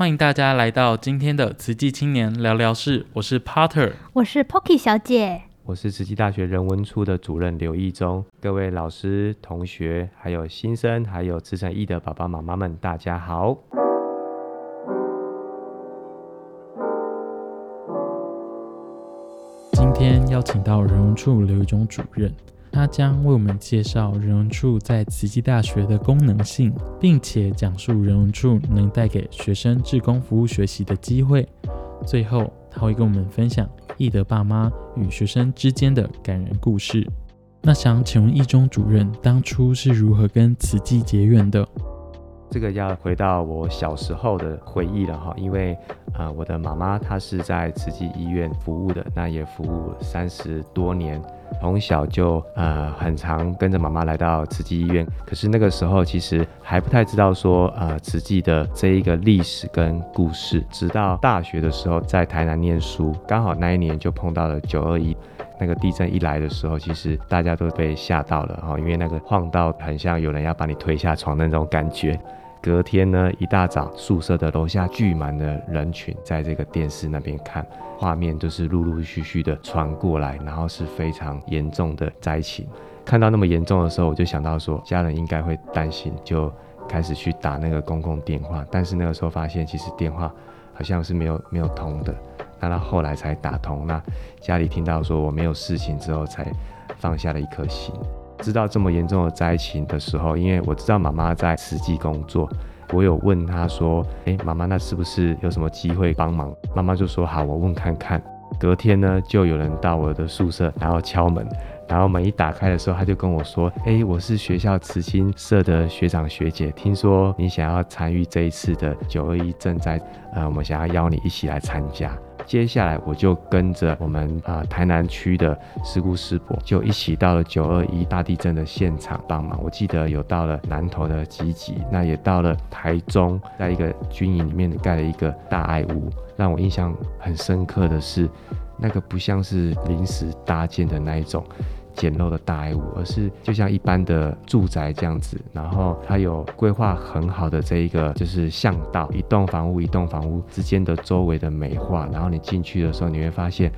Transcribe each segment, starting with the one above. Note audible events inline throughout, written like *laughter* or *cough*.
歡迎大家來到今天的慈濟青年聊聊室，我是 Potter，我是 Pocky 小姐，我是慈濟大學人文處的主任劉議鍾。各位老師、同學，還有新生，還有慈誠義的爸爸媽媽們，大家好。今天邀請到人文處劉議鍾主任。他將為我們介紹人文處在慈濟大學的功能性，並且講述人文處能帶給學生志工服務學習的機會。最後，他會跟我們分享懿德爸媽與學生之間的感人故事。那想請問議鍾主任當初是如何跟慈濟結緣的？這個要回到我小時候的回憶了哈，因為啊、呃，我的媽媽她是在慈濟醫院服務的，那也服務三十多年。從小就呃很常跟着媽媽來到慈濟醫院，可是那個時候其實還不太知道說呃慈濟的這一個歷史跟故事。直到大學的時候在台南念書，剛好那一年就碰到了九二一，那個地震一來的時候，其實大家都被嚇到了哈，因為那個晃，到很像有人要把你推下床的那種感覺。隔天呢，一大早宿舍的樓下聚滿了人群，在這個電視那邊看，畫面就是陸陸續續的傳過來，然後是非常嚴重的災情。看到那麼嚴重的時候，我就想到說家人應該會擔心，就開始去打那個公共電話。但是那個時候發現其實電話好像是沒有沒有通的，那到後來才打通。那家裡聽到說我沒有事情之後，才放下了一顆心。知道這麼嚴重的災情的時候，因為我知道媽媽在慈濟工作，我有問她說：“誒、欸，媽媽，那是不是有什麼機會幫忙？”媽媽就說：“好，我問看看。”隔天呢，就有人到我的宿舍，然後敲門，然後門一打開的時候，她就跟我說：“誒、欸，我是學校慈青社的學長學姐，聽說你想要參與這一次的九二一賑災，呃，我們想要邀你一起來參加。”接下來我就跟着我們啊、呃、台南區的師姑師伯，就一起到了九二一大地震的現場幫忙。我記得有到了南投的集集，那也到了台中，在一個軍營裡面蓋了一個大愛屋。讓我印象很深刻的是，那個不像是臨時搭建的那一種。簡陋的大愛屋，而是就像一般的住宅這樣子，然後它有規劃很好的這一個就是巷道，一棟房屋一棟房屋之間的周圍的美化，然後你進去的時候你會發現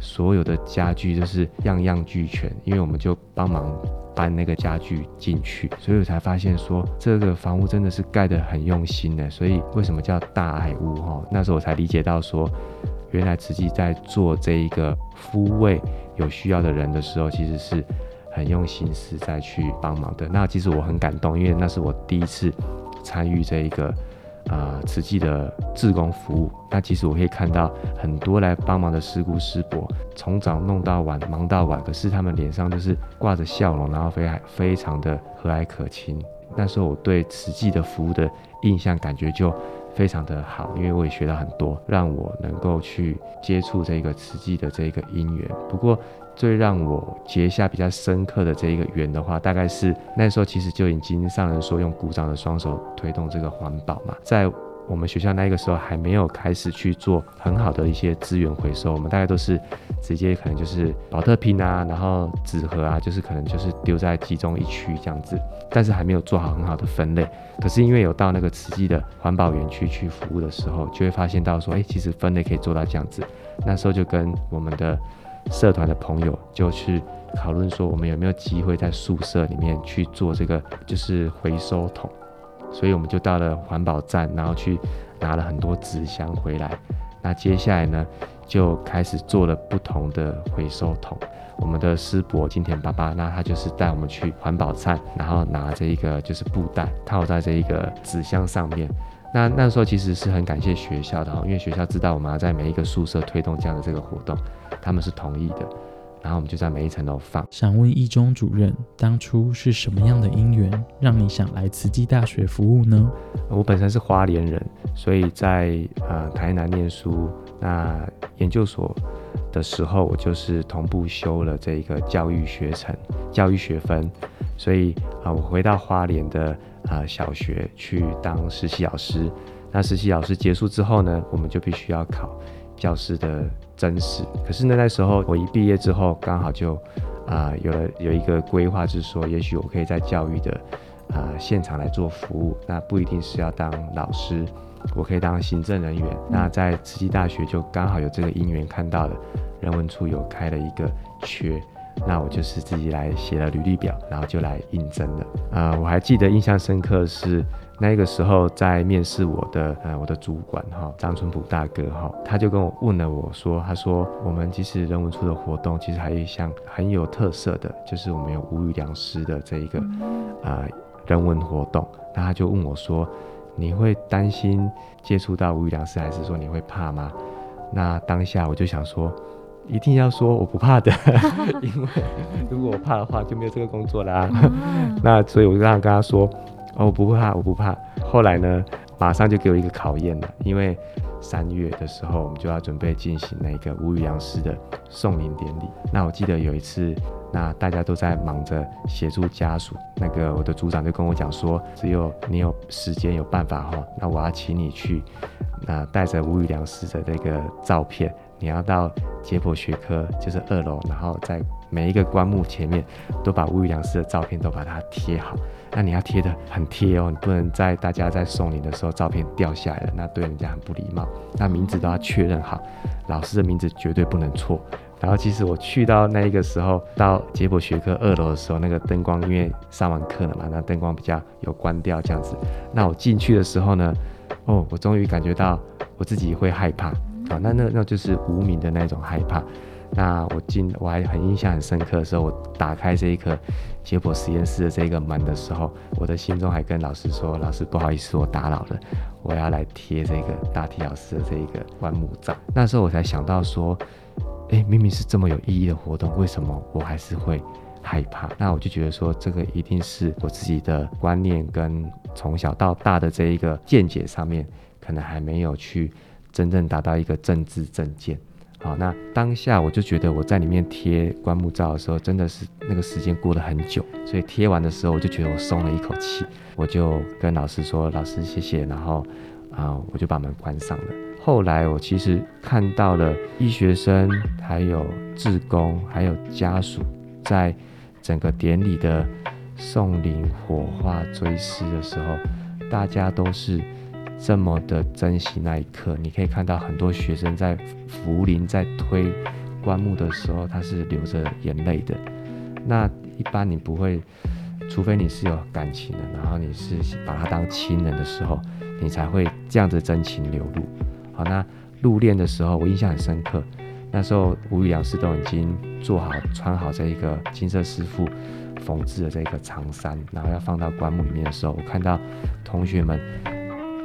所有的家具就是樣樣俱全，因為我們就幫忙搬那個家具進去，所以我才發現說這個房屋真的是蓋得很用心呢，所以為什麼叫大愛屋哈？那時候我才理解到說。原來慈濟在做這一個撫慰有需要的人的時候，其實是很用心思在去幫忙的。那其實我很感動，因為那是我第一次參與這一個啊、呃、慈濟的志工服務。那其實我可以看到很多來幫忙的師姑師伯，從早弄到晚，忙到晚，可是他們臉上就是掛着笑容，然後非非常的和藹可親。那時候我對慈濟的服務的印象感覺就。非常的好，因為我也學到很多，讓我能夠去接觸這個慈濟的這個因緣。不過，最讓我結下比較深刻的這一個緣的話，大概是那時候其實就已經上人說用鼓掌的雙手推動這個環保嘛，在。我們學校那個時候還沒有開始去做很好的一些資源回收，我們大概都是直接可能就是寶特瓶啊，然後紙盒啊，就是可能就是丟在集中一區這樣子，但是還沒有做好很好的分類。可是因為有到那個慈濟的環保園區去服務的時候，就會發現到說，誒、欸，其實分類可以做到這樣子。那時候就跟我們的社團的朋友就去討論說，我們有沒有機會在宿舍裡面去做這個就是回收桶。所以我們就到了環保站，然後去拿了很多紙箱回來。那接下來呢，就開始做了不同的回收桶。我們的師伯金田爸爸，那他就是帶我們去環保站，然後拿這一個就是布袋套在這一個紙箱上面。那那時候其實是很感謝學校的，因為學校知道我們要在每一個宿舍推動這樣的這個活動，他們是同意的。然後我們就在每一層樓放。想問議鍾主任，當初是什麼樣的因緣，讓你想來慈濟大學服務呢？我本身是花蓮人，所以在呃台南念書，那研究所的時候，我就是同步修了這一個教育學程、教育學分，所以啊、呃，我回到花蓮的啊、呃、小學去當實習老師。那實習老師結束之後呢，我們就必須要考。教師的真實，可是呢，那時候我一畢業之後，剛好就啊、呃、有了有一個規劃，是說，也許我可以在教育的啊、呃、現場來做服務，那不一定是要當老師，我可以當行政人員。嗯、那在慈濟大學就剛好有這個因緣，看到了人文處有開了一個缺。那我就是自己來寫了履歷表，然後就來應徵了。啊、呃，我還記得印象深刻的是那個時候在面試我的，呃，我的主管哈、哦，張春普大哥哈、哦，他就跟我問了我說，他說我們其實人文處的活動其實還有一項很有特色的，就是我們有無語良師的這一個啊、呃，人文活動。那他就問我說，你會擔心接觸到無語良師，還是說你會怕嗎？那當下我就想說。一定要說我不怕的，因為如果我怕的話，就沒有這個工作啦、啊。 *laughs* *laughs* 那所以我就讓他跟他說，我、哦、不怕，我不怕。後來呢，馬上就給我一個考驗了，因為三月的時候，我們就要準備進行那個無語良師的送靈典禮。那我記得有一次，那大家都在忙着協助家屬，那個我的組長就跟我講說，只有你有時間有辦法哈，那我要請你去，那帶着無語良師的那個照片。你要到解剖學科，就是二樓，然後在每一個棺木前面都把無語良師的照片都把它貼好。那你要貼得很貼哦，你不能在大家在送禮的時候照片掉下來了，那對人家很不禮貌。那名字都要確認好，老師的名字絕對不能錯。然後其實我去到那一個時候，到解剖學科二樓的時候，那個燈光因為上完課了嘛，那燈光比較有關掉這樣子。那我進去的時候呢，哦，我終於感覺到我自己會害怕。啊，那那那就是無名的那種害怕。那我進，我還很印象很深刻的時候，我打開這一顆解剖實驗室的這個門的時候，我的心中還跟老師說：“老師，不好意思，我打擾了，我要來貼這個大體老師的這個棺木葬。”那時候我才想到說：“誒、欸，明明是這麼有意義的活動，為什麼我還是會害怕？”那我就覺得說，這個一定是我自己的觀念跟從小到大的這一個見解上面，可能還沒有去。真正達到一個正知正見。好，那當下我就覺得我在裡面貼棺木照的時候，真的是那個時間過了很久，所以貼完的時候我就覺得我鬆了一口氣，我就跟老師說：“老師謝謝。”然後啊、呃，我就把門關上了。後來我其實看到了醫學生、還有志工、還有家屬，在整個典禮的送靈、火化、追思的時候，大家都是。這麼的珍惜那一刻，你可以看到很多學生在扶靈、在推棺木的時候，他是流着眼淚的。那一般你不會，除非你是有感情的，然後你是把他當親人的時候，你才會這樣子真情流露。好，那入殮的時候，我印象很深刻。那時候無語良師都已經做好，穿好這一個金色師傅縫製的這個長衫，然後要放到棺木裡面的時候，我看到同學們。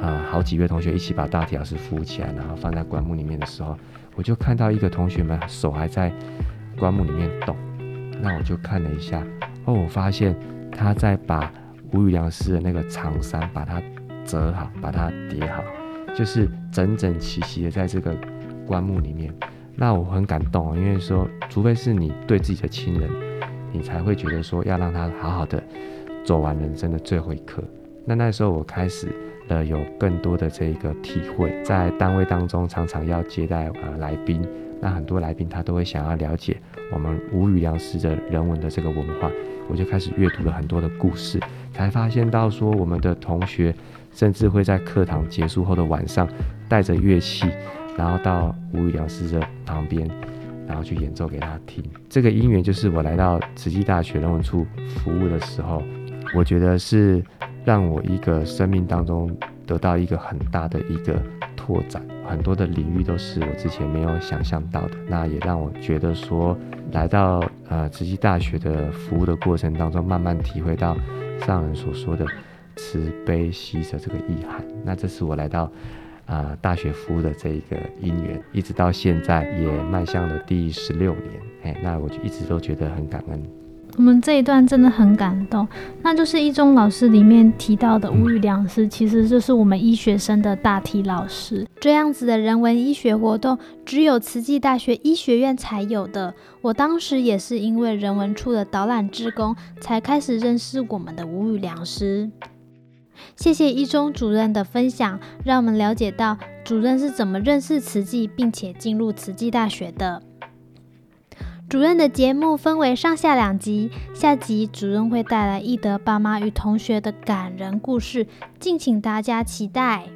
啊、嗯！好幾位同學一起把大體老師扶起來，然後放在棺木裡面的時候，我就看到一個同學們手還在棺木裡面動，那我就看了一下，哦，我發現他在把無語良師的那個長衫把它折好，把它疊好，就是整整齊齊的在這個棺木裡面。那我很感動，因為說，除非是你對自己的親人，你才會覺得說要讓他好好的走完人生的最後一刻。那那時候我開始。呃，有更多的這個體會，在單位當中常常要接待啊，來賓，那很多來賓他都會想要了解我們無語良師的人文的這個文化，我就開始閱讀了很多的故事，才發現到說我們的同學甚至會在課堂結束後的晚上，帶着樂器，然後到無語良師的旁邊，然後去演奏給他聽。這個因緣就是我來到慈濟大學人文處服務的時候，我覺得是。讓我一個生命當中得到一個很大的一個拓展，很多的領域都是我之前沒有想象到的。那也讓我覺得說，來到呃慈濟大學的服務的過程當中，慢慢體會到上人所說的慈悲喜舍這個意涵。那這是我來到啊、呃、大學服務的這一個因緣，一直到現在也邁向了第十六年。哎，那我就一直都覺得很感恩。我們這一段真的很感動，那就是議鍾老師裡面提到的無語良師，其實就是我們醫學生的大體老師。這樣子的人文醫學活動，只有慈濟大學醫學院才有的。我當時也是因為人文處的導覽志工，才開始認識我們的無語良師。謝謝議鍾主任的分享，讓我們了解到主任是怎麼認識慈濟，並且進入慈濟大學的。主任的節目分為上下兩集，下集主任會帶來義德爸媽與同學的感人故事，敬請大家期待。